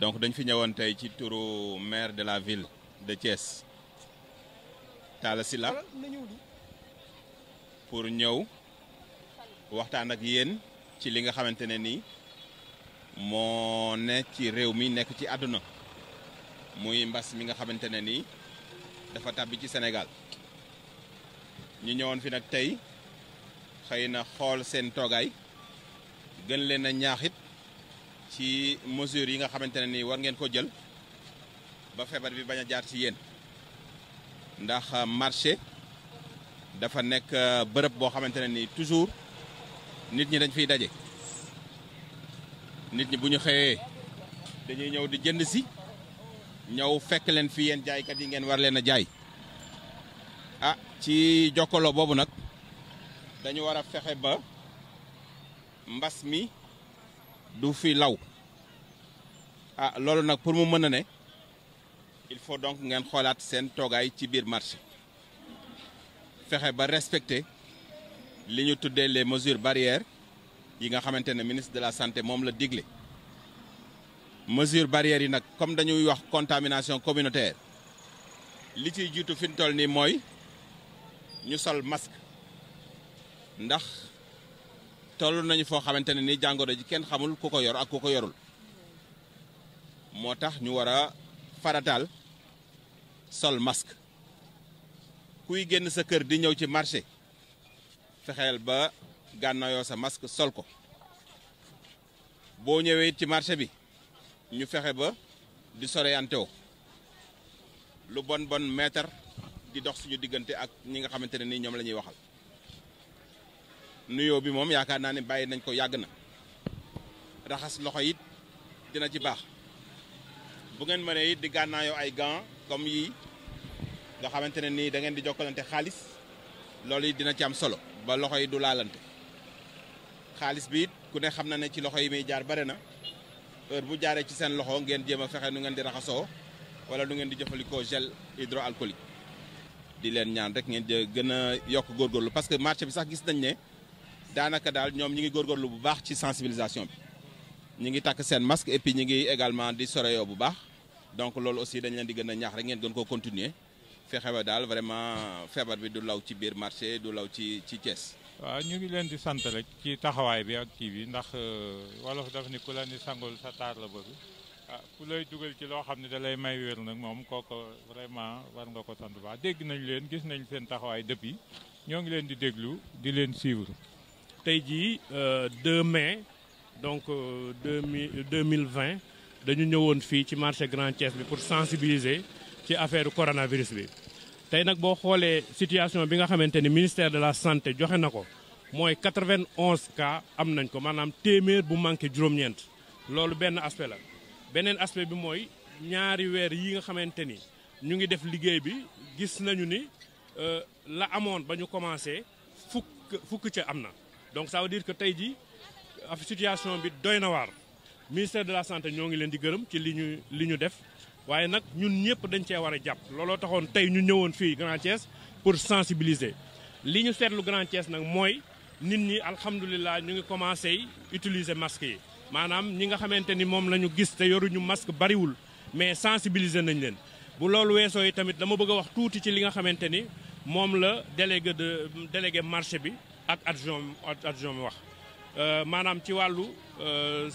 donc dañ fi ñëwoon tey ci turu maire de la ville de Thiès Talla pour ñëw waxtaan ak yéen ci li nga xamante ne nii moo ne ci réew mi nekk ci àdduna muy mbas mi nga xamante ne nii dafa tàbbi ci Sénégal ñu ñëwoon fi nag tey xëy na xool seen toogaay gën leen ñaaxit ci mesures yi nga xamante ne ni war ngeen ko jël ba feebar bi bañ a jaar ci yéen ndax euh, marché dafa nekk euh, bërëb boo xamante ne ni toujours nit ñi dañ fiy daje nit ñi bu ñu xëyee dañuy ñëw di jënd si ñëw fekk leen fi yéen jaaykat yi ngeen war leen a jaay ah ci jokkaloo boobu nag dañu war fexe ba mbas mi du fi law ah loolu nag pour mu mën a ne il faut donc ngeen xoolaat seen toogaay ci biir marché fexe ba respecté li ñu tuddee les mesures barrières yi nga xamante ne ministre de la santé moom la digle mesures barrières yi nag comme dañuy wax contamination communautaire li ciy jiitu fi toll nii mooy ñu sol masque ndax. toll nañu foo xamante ne ni jàngoro ji kenn xamul ku ko yor ak ku ko yorul moo tax ñu war a farataal sol masque kuy génn sa kër di ñëw ci marché fexeel ba gànnaayoo sa masque sol ko boo ñëwee ci marché bi ñu fexe ba di soreyante wo lu bon bon mètre di dox suñu diggante ak ñi nga xamante ne ni ñoom la ñuy waxal nuyoo bi moom yaakaar naa ne bàyyi nañ ko yàgg na raxas loxo it dina ci baax bu ngeen mënee it di gànnaayoo ay gants comme yii nga xamante ne nii da ngeen di jokkalante xaalis loolu yi dina ci am solo ba loxo yi du laalante xaalis bi it ku ne xam na ne ci loxo yi muy jaar bare na heure bu jaaree ci seen loxo ngeen jéem a fexe nu ngeen di raxasoo wala nu ngeen di jëfandikoo gel hydroalcoolique di leen ñaan rek ngeen gën a yokk góorgóorlu parce que marché bi sax gis nañ ne. daanaka daal ñoom ñi ngi gor góorgóorlu bu baax ci sensibilisation bi ñi ngi takk seen masque et puis ñi ngi également di soreyoo bu baax donc loolu aussi dañ leen di gën a ñaax rek ngeen ko koo fexe ba daal vraiment feebar bi du law ci biir marché du law ci ci Thiès. waaw ñu ngi leen di sant rek ci taxawaay bi ak kii bi ndax euh, wolof daf ni ku la ni sangul sa taar la bëgg ah ku lay dugal ci loo xam ne da lay may wér nag moom kooku vraiment war nga ko sant bu dégg nañ leen gis nañ seen taxawaay depuis ñoo ngi leen di déglu di leen suivre. tey jii 2 euh, mai donc 2000 euh, 2020 dañu ñëwoon fii ci marché Grand Thiès bi pour sensibiliser ci affaire coronavirus bi. tey nag boo xoolee situation bi nga xamante ni ministère de la santé joxe na ko mooy 91 cas am nañ ko maanaam téeméer bu manqué juróom-ñeent loolu benn aspect la beneen aspect bi mooy ñaari weer yi nga xamante ni ñu ngi def liggéey bi gis nañu ni euh, la amoon ba ñu commencé fukk fukk ca am na. donc ça veut dire que tey jii af situation bi doy na waar ministère de la sante ñoo ngi leen di gërëm ci li ñu li ñu def waaye nag ñun ñëpp dañ cee war a jàpp looloo taxoon tey ñu ñëwoon fii Grand pour sensibiliser li ñu seetlu Grand nag mooy nit ñi alhamdulilah ñu ngi commencé utiliser masque yi maanaam ñi nga xamante ni moom la ñu gis te yoruñu masque bariwul mais sensibiliser nañ leen bu loolu weesoo yi tamit dama bëgg a wax tuuti ci li nga xamante ni moom la délégué de délégué marché bi ak adjoint adjoint mi wax euh, maanaam ci wàllu euh,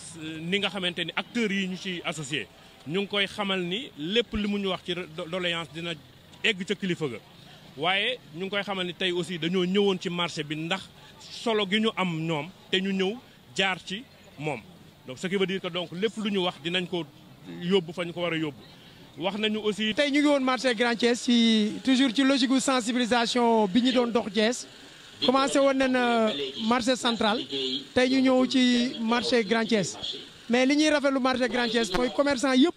ni nga xamante ni acteurs yi ñu ci associé ñu ngi koy xamal ni lépp li mu ñu wax ci doléance dina egg ca kilifa ga waaye ñu ngi koy xamal ni tey aussi dañoo ñëwoon ci marché bi ndax solo gi ñu am ñoom te ñu ñëw jaar ci moom donc ce qui veut que donc lépp lu ñu wax dinañ ko yóbbu fa ñu ko war a yóbbu wax nañu aussi. tey ñu ngi woon marché Grand Thiès ci toujours ci logique gu sensibilisation bi ñu doon dox Thiès. commencé woon nañ euh, marché centrale tey ñu ñëw ci marché Grand Thiès mais li ñuy rafetlu marché Grand Thiès mooy commerçant yëpp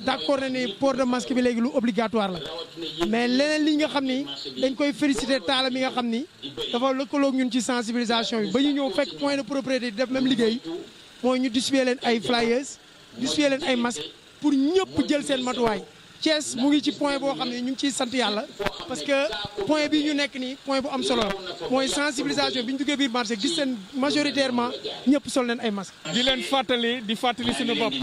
d' accord na ni port de masque bi léegi lu obligatoire la mais leneen li nga xam ni dañ koy félicité taala mi nga xam ni dafa lëkkaloog ñun ci sensibilisation bi ba ñu ñëw fekk point de propriété di def même liggéey mooy ñu distribué leen ay flyers distribué leen ay masques pour ñëpp jël seen matuwaay. Thiès mu ngi ci point boo xam ne ñu ngi ciy sant yàlla parce que point bi ñu nekk nii point bu am solo mooy sensibilisation bi ñu duggee biir marché gis seen majoritairement ñëpp sol leen ay masque di leen fàttali di fàttali suñu bopp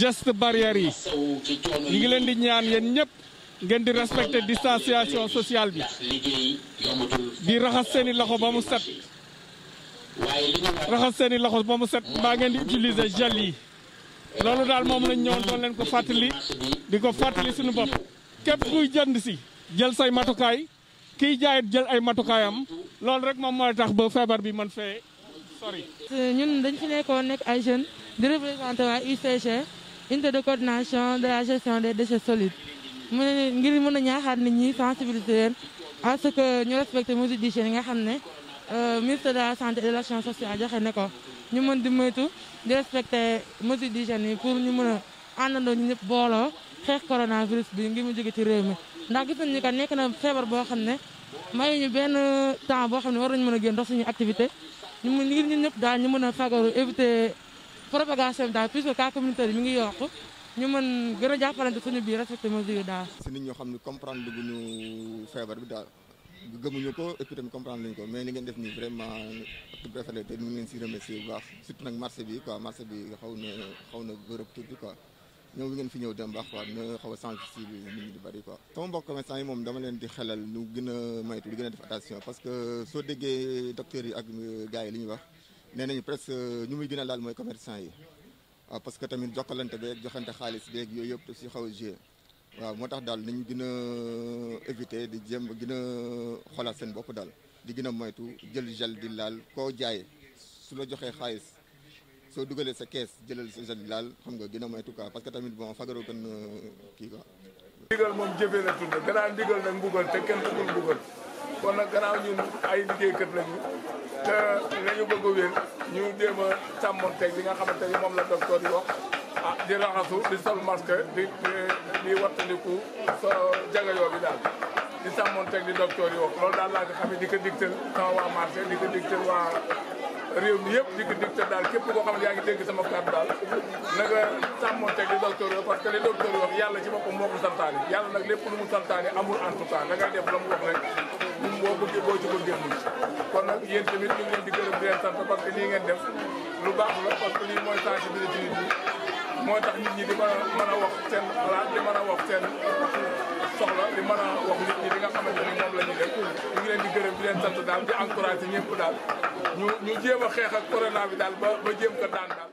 geste barrière yi ñu ngi leen di ñaan yéen ñëpp ngeen di respecté distanciation sociale bi di raxas seeni i loxo ba mu set raxas loxo ba set mbaa ngeen di utiliser gel yi loolu daal moom lañ ñëwoon doon leen ko fàttali di ko fàttali suñu bopp képp kuy jënd si jël say matukaay kiy jaayit jël ay matukaayam loolu rek moom mooy tax ba feebar bi man fee sori. ñun dañ fi nekkoon nekk ay jeunes di représenté waa UCG unité de coordination de la gestion des déchets solides mu ne ngir mën a ñaaxaat nit ñi sensibiliser leen à ce que ñu respecté mesures d'hygiène yi nga xam ne euh, ministre de la santé et de l'action sociale joxe ne ko. ñu mën di moytu di respecter mesures d'hygiène yi pour ñu mën a àndandoo ñu ñëpp booloo xeex coronavirus bi ngir mu jóge ci réew mi ndax gis nañu ka nekk na feebar boo xam ne mayu ñu benn temps boo xam ne war nañu mën a génn dox suñu activité ñu mën ngir ñun ñëpp daal ñu mën a fagaru éviter propagation bi daal puisque cas communautaire yi mi ngi yokk ñu mën gën a jàppalante suñu biir respecté mesures yi daal. si nit ñoo xam ne comprendre feebar bi daal. gëmuñu ko et puis tamit comprendre lañu ko mais li ngeen def nii vraiment tout rafetlu te ñu ngi leen si remercier bu baax surtout nag ñëw ngeen fi ñëw dem baax quoi dina xaw a sensibiliser nit ñi di bëri quoi. sama mbokk commerçant yi moom dama leen di xelal ñu gën a moytu di gën def attention parce que soo déggee docteurs yi ak gars yi li ñuy wax nee nañu presque ñu muy gën a laal mooy commerçant yi waaw ah, parce que tamit jokkalante beeg joxante xaalis beeg yooyu yëpp si xaw a waaw moo tax daal nañ gën a éviter di jéem a gën a xoolaat seen bopp daal di gën a moytu jël gel di laal koo jaay su la joxee xaalis soo dugalee sa kees jëlal sa gel di laal xam nga gën moytu quoi parce que tamit bon fagaroo gën euh, kii quoi. ndigal moom jëfee la tudd gannaaw ndigal nag mbugal te kenn bëggul mbugal kon nag gannaaw ñun ay liggéeykat lañu te lañu bëgg a wér ñu jéem a sàmmoon teg li nga xamante moom la docteur yi ah di raxasu di sol masque di di wattandiku sa jagayoo bi daal di sàmmoon teg di docteur yi wax loolu daal laa nga xam ne di ko digtal yëpp di ko digtal daal képp koo xam ne yaa ngi dégg teg di docteur yi parce que li docteur yi yàlla ci boppam moo ko santaane yàlla nag lépp lu mu santaane amul en tout cas da ngay def la mu wax rek boo ko boo ci ko génn kon nag yéen tamit ñu ngi leen di gërëm di leen parce que lii ngeen def lu baax la parce que lii mooy sensibilité nit ñi moo tax nit ñi di mën mën a wax seen xalaat di a wax seen soxla di mën a wax nga xamante ni moom la ñu def ñu ngi leen di gërëm di leen sant daal di encouragé ñëpp daal ñu ñu jéem a xeex ak bi daal ba ba jéem ko daan daal